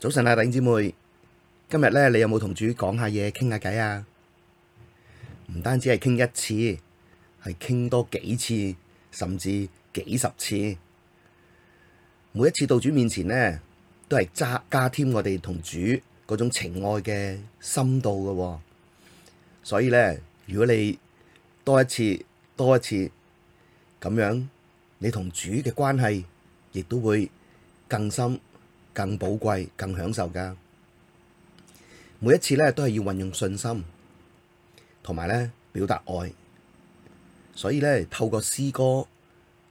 早晨啊，弟兄姊妹，今日咧，你有冇同主講下嘢，傾下偈啊？唔單止係傾一次，係傾多幾次，甚至幾十次。每一次到主面前咧，都係加加添我哋同主嗰種情愛嘅深度㗎喎。所以咧，如果你多一次，多一次，咁樣你同主嘅關係亦都會更深。更寶貴、更享受噶。每一次咧，都係要運用信心，同埋咧，表達愛。所以咧，透過詩歌、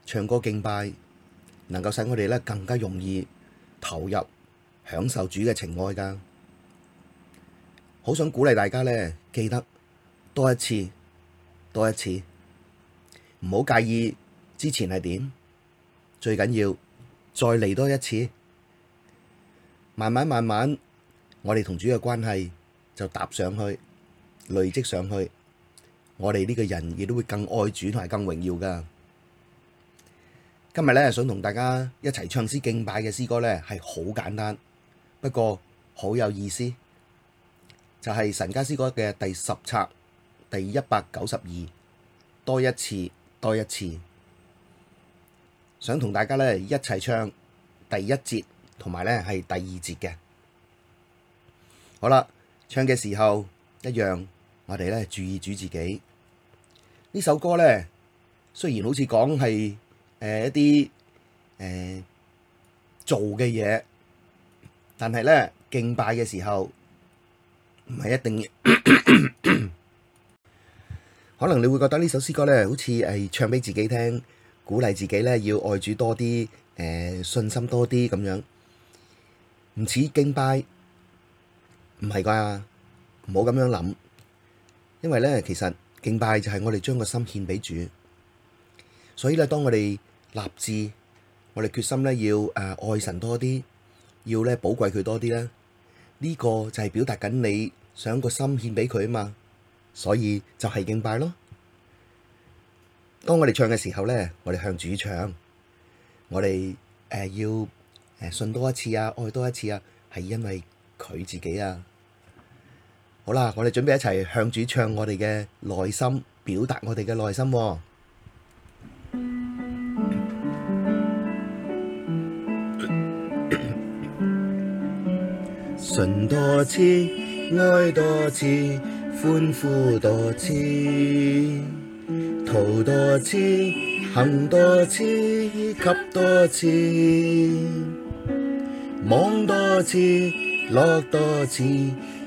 唱歌敬拜，能夠使我哋咧更加容易投入享受主嘅情愛噶。好想鼓勵大家咧，記得多一次，多一次，唔好介意之前係點，最緊要再嚟多一次。慢慢慢慢，我哋同主嘅關係就搭上去，累積上去，我哋呢個人亦都會更愛主同埋更榮耀㗎。今日咧想同大家一齊唱詩敬拜嘅詩歌咧，係好簡單，不過好有意思，就係神家詩歌嘅第十冊第一百九十二多一次多一次，想同大家咧一齊唱第一節。同埋咧，係第二節嘅。好啦，唱嘅時候一樣，我哋咧注意住自己。呢首歌咧，雖然好似講係誒一啲誒做嘅嘢，但係咧敬拜嘅時候唔係一定。 可能你會覺得首詩呢首詩歌咧，好似係唱俾自己聽，鼓勵自己咧要愛主多啲，誒、呃、信心多啲咁樣。唔似敬拜，唔係啩？唔好咁樣諗，因為咧，其實敬拜就係我哋將個心獻畀主，所以咧，當我哋立志，我哋決心咧要誒愛神多啲，要咧寶貴佢多啲咧，呢個就係表達緊你想個心獻畀佢啊嘛，所以就係敬拜咯。當我哋唱嘅時候咧，我哋向主唱，我哋誒要。信多一次啊，愛多一次啊，係因為佢自己啊。好啦，我哋準備一齊向主唱我哋嘅內心，表達我哋嘅內心，哦。 信多次，愛多次，歡呼多次，禱多次，行多次，給多次。望多次，樂多次，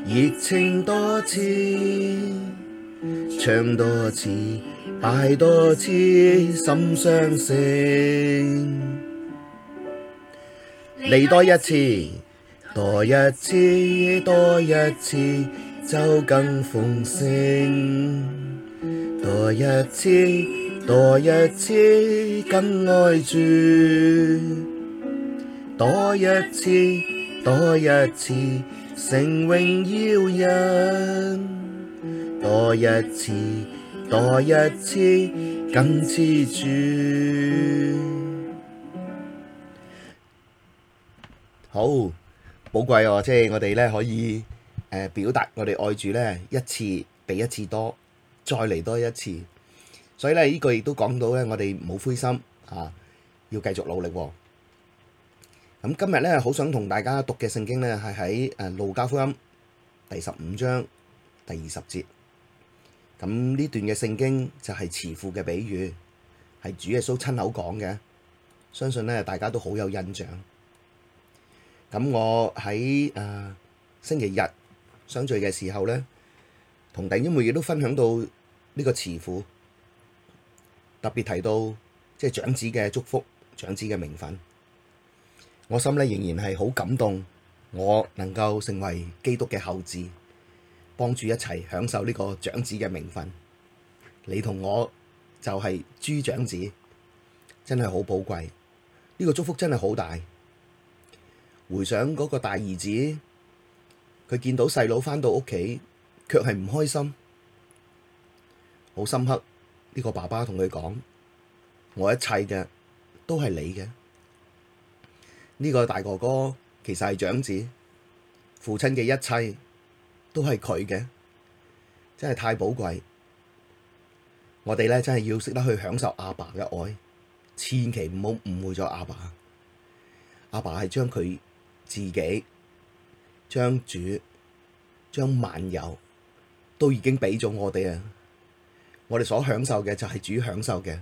熱情多次，唱多次，拜多次，心上升。嚟多，多，多一次，多一次，多一次就更豐盛。多一次，多一次，更愛主。多一次，多一次，成榮耀人；多一次，多一次，更似主。好寶貴哦，即係、啊就是、我哋咧可以誒表達我哋愛住咧一次比一次多，再嚟多一次。所以咧呢句亦都講到咧，我哋唔好灰心啊，要繼續努力、啊。咁今日咧，好想同大家讀嘅聖經咧，係喺誒路加福音第十五章第二十節。咁呢段嘅聖經就係慈父嘅比喻，係主耶穌親口講嘅，相信咧大家都好有印象。咁我喺誒星期日相聚嘅時候咧，同弟兄妹亦都分享到呢個慈父，特別提到即係長子嘅祝福、長子嘅名分。我心裡仍然係好感動，我能夠成為基督嘅後子，幫助一齊享受呢個長子嘅名分。你同我就係豬長子，真係好寶貴。呢個祝福真係好大。回想嗰個大兒子，佢見到細佬返到屋企，卻係唔開心，好深刻。呢個爸爸同佢講：我一切嘅都係你嘅。呢個大哥哥其實係長子，父親嘅一切都係佢嘅，真係太寶貴。我哋咧真係要識得去享受阿爸嘅愛，千祈唔好誤會咗阿爸。阿爸係將佢自己、將主、將萬有都已經畀咗我哋啊！我哋所享受嘅就係主享受嘅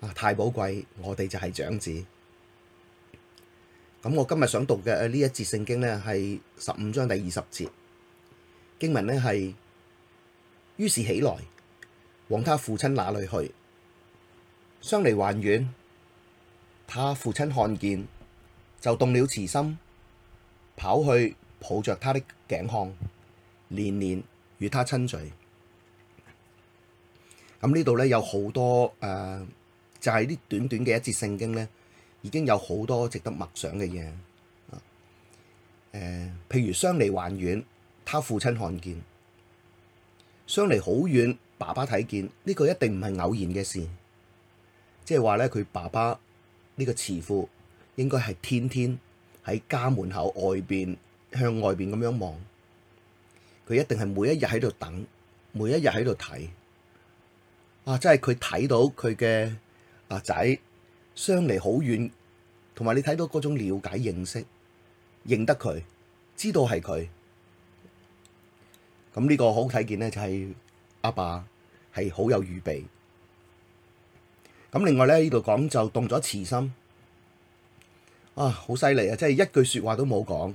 啊！太寶貴，我哋就係長子。咁我今日想讀嘅呢一節聖經呢，係十五章第二十節經文呢，係於是起來，往他父親那裏去，相離還遠，他父親看見，就動了慈心，跑去抱着他的頸項，連連與他親嘴。咁呢度呢，有好多誒、呃，就係、是、呢短短嘅一節聖經呢。已經有好多值得默想嘅嘢，呃，譬如相離還遠，他父親看見，相離好遠，爸爸睇見呢個一定唔係偶然嘅事，即係話咧，佢爸爸呢個慈父應該係天天喺家門口外邊向外邊咁樣望，佢一定係每一日喺度等，每一日喺度睇，啊，即係佢睇到佢嘅阿仔。相離好遠，同埋你睇到嗰種瞭解、認識、認得佢、知道係佢，咁呢個好睇見咧，就係阿爸係好有預備。咁另外咧，呢度講就動咗慈心，啊，好犀利啊！即係一句説話都冇講，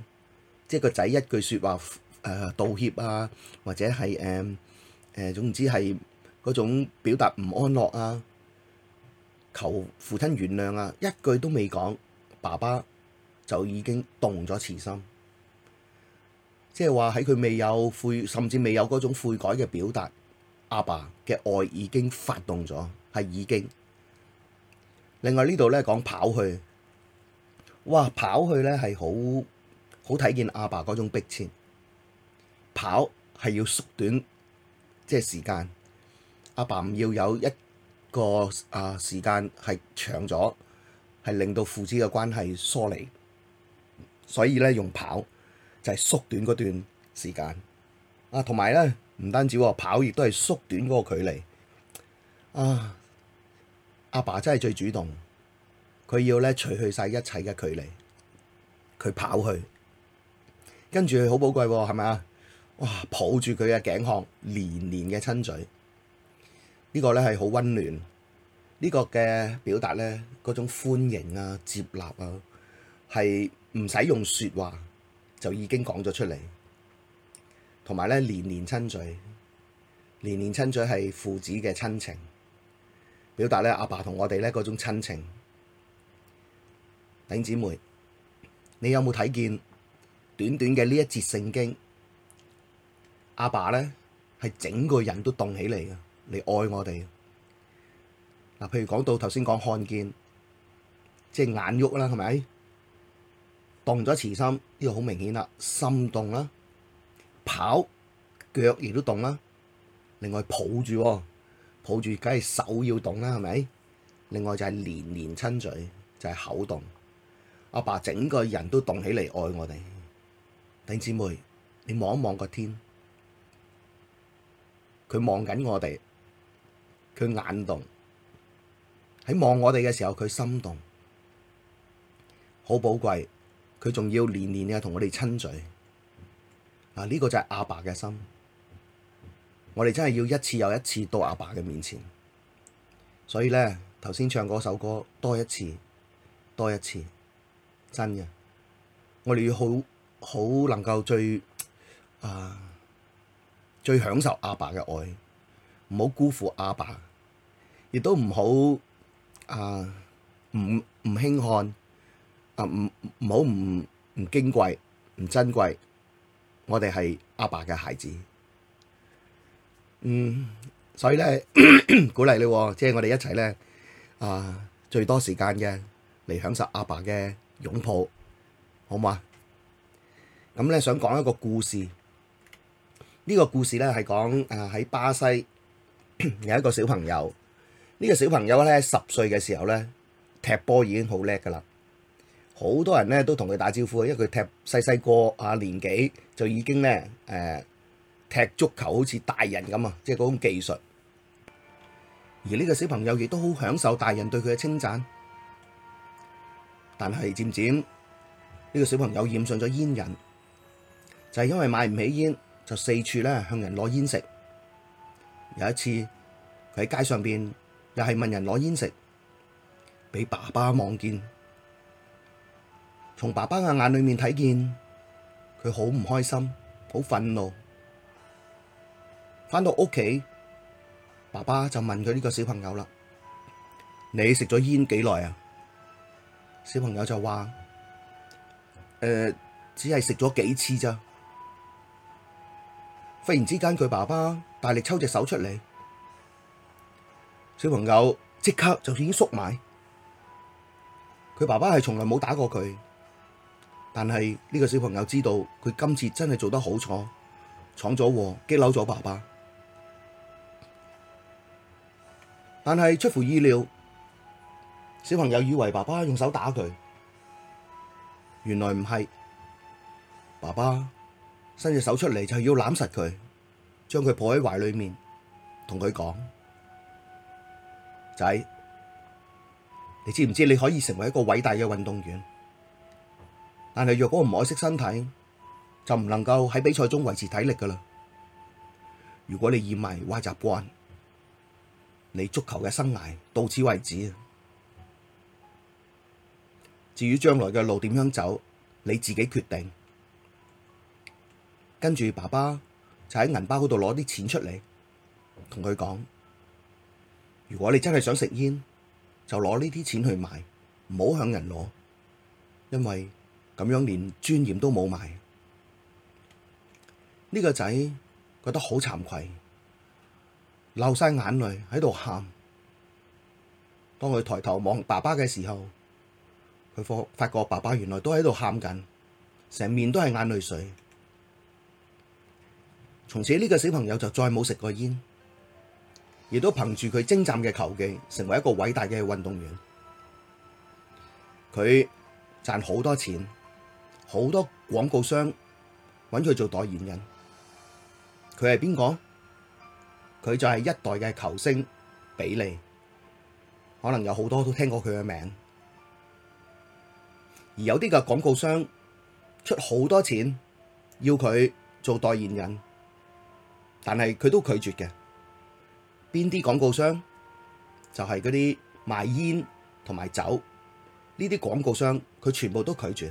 即係個仔一句説話誒、呃、道歉啊，或者係誒誒總之係嗰種表達唔安樂啊。求父親原諒啊！一句都未講，爸爸就已經動咗慈心，即係話喺佢未有悔，甚至未有嗰種悔改嘅表達，阿爸嘅愛已經發動咗，係已經。另外呢度咧講跑去，哇，跑去咧係好好睇見阿爸嗰種迫切，跑係要縮短即係時間，阿爸唔要有一。個啊時間係長咗，係令到父子嘅關係疏離，所以咧用跑就係、是、縮短嗰段時間啊，同埋咧唔單止喎、啊，跑亦都係縮短嗰個距離啊！阿爸，爸真係最主動，佢要咧除去晒一切嘅距離，佢跑去，跟住佢好寶貴係咪啊是是？哇！抱住佢嘅頸項，連連嘅親嘴。呢個咧係好溫暖，這個、呢個嘅表達咧嗰種歡迎啊、接納啊，係唔使用說話就已經講咗出嚟，同埋咧連連親嘴，連連親嘴係父子嘅親情，表達咧阿爸同我哋咧嗰種親情。弟兄姊妹，你有冇睇見短短嘅呢一節聖經？阿爸咧係整個人都動起嚟啊！你愛我哋嗱，譬如講到頭先講看見，即係眼喐啦，係咪動咗慈心？呢個好明顯啦，心動啦，跑腳亦都動啦。另外抱住，抱住，梗係手要動啦，係咪？另外就係連連親嘴，就係口動。阿爸，整個人都動起嚟愛我哋。弟兄姊妹，你望一望個天，佢望緊我哋。佢眼動喺望我哋嘅時候，佢心動，好寶貴。佢仲要連連啊同我哋親嘴啊！呢、呢個就係阿爸嘅心，我哋真係要一次又一次到阿爸嘅面前。所以咧，頭先唱嗰首歌多一次，多一次，真嘅。我哋要好好能夠最啊最享受阿爸嘅愛。唔好辜負阿爸，亦都唔好啊，唔唔輕看啊，唔唔好唔唔矜貴、唔珍貴。我哋係阿爸嘅孩子。嗯，所以咧 鼓勵你、哦，即、就、係、是、我哋一齊咧啊，最多時間嘅嚟享受阿爸嘅擁抱，好唔好啊？咁咧想講一個故事，呢、這個故事咧係講誒喺巴西。有一個小朋友，呢個小朋友咧十歲嘅時候咧踢波已經好叻㗎啦，好多人咧都同佢打招呼，因為佢踢細細個啊年紀就已經咧誒、呃、踢足球好似大人咁啊，即係嗰種技術。而呢個小朋友亦都好享受大人對佢嘅稱讚，但係漸漸呢個小朋友染上咗煙癮，就係因為買唔起煙，就四處咧向人攞煙食。有一次，佢喺街上邊又係問人攞煙食，畀爸爸望見，從爸爸嘅眼裏面睇見，佢好唔開心，好憤怒。返到屋企，爸爸就問佢呢個小朋友啦：，你食咗煙幾耐啊？小朋友就話：，誒、呃，只係食咗幾次咋。忽然之間，佢爸爸。大力抽隻手出嚟，小朋友即刻就已經縮埋。佢爸爸係從來冇打過佢，但係呢個小朋友知道佢今次真係做得好錯，闖咗禍，激嬲咗爸爸。但係出乎意料，小朋友以為爸爸用手打佢，原來唔係，爸爸伸隻手出嚟就係要攬實佢。將佢抱喺懷裏面，同佢講：仔，你知唔知你可以成為一個偉大嘅運動員？但係若果唔愛惜身體，就唔能夠喺比賽中維持體力㗎喇。如果你染埋壞習慣，你足球嘅生涯到此為止。至於將來嘅路點樣走，你自己決定。跟住爸爸，就喺銀包嗰度攞啲錢出嚟，同佢講：如果你真係想食煙，就攞呢啲錢去買，唔好向人攞，因為咁樣連尊嚴都冇埋。呢個仔覺得好慚愧，流晒眼淚喺度喊。當佢抬頭望爸爸嘅時候，佢發發覺爸爸原來都喺度喊緊，成面都係眼淚水。從此呢個小朋友就再冇食過煙，亦都憑住佢精湛嘅球技，成為一個偉大嘅運動員。佢賺好多錢，好多廣告商搵佢做代言人。佢係邊個？佢就係一代嘅球星比利。可能有好多都聽過佢嘅名，而有啲嘅廣告商出好多錢要佢做代言人。但係佢都拒絕嘅，邊啲廣告商就係嗰啲賣煙同埋酒呢啲廣告商，佢、就是、全部都拒絕。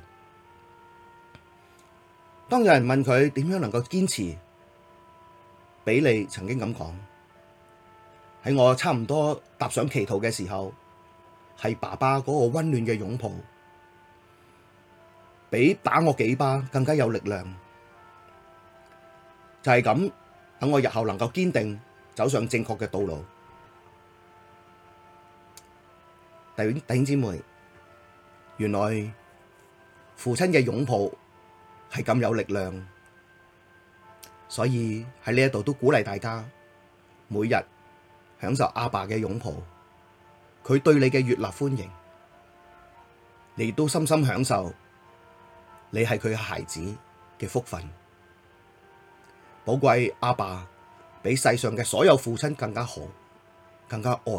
當有人問佢點樣能夠堅持，比利曾經咁講：喺我差唔多踏上歧途嘅時候，係爸爸嗰個溫暖嘅擁抱，比打我幾巴更加有力量。就係、是、咁。等我日後能夠堅定走上正確嘅道路。弟兄姊妹，原來父親嘅擁抱係咁有力量，所以喺呢一度都鼓勵大家每日享受阿爸嘅擁抱，佢對你嘅熱烈歡迎，你都深深享受，你係佢嘅孩子嘅福分。寶貴阿爸比世上嘅所有父親更加好，更加愛。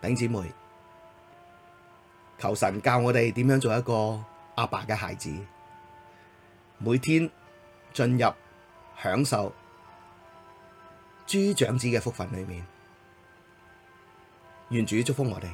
弟兄姊妹，求神教我哋點樣做一個阿爸嘅孩子，每天進入享受諸長子嘅福分裏面，願主祝福我哋。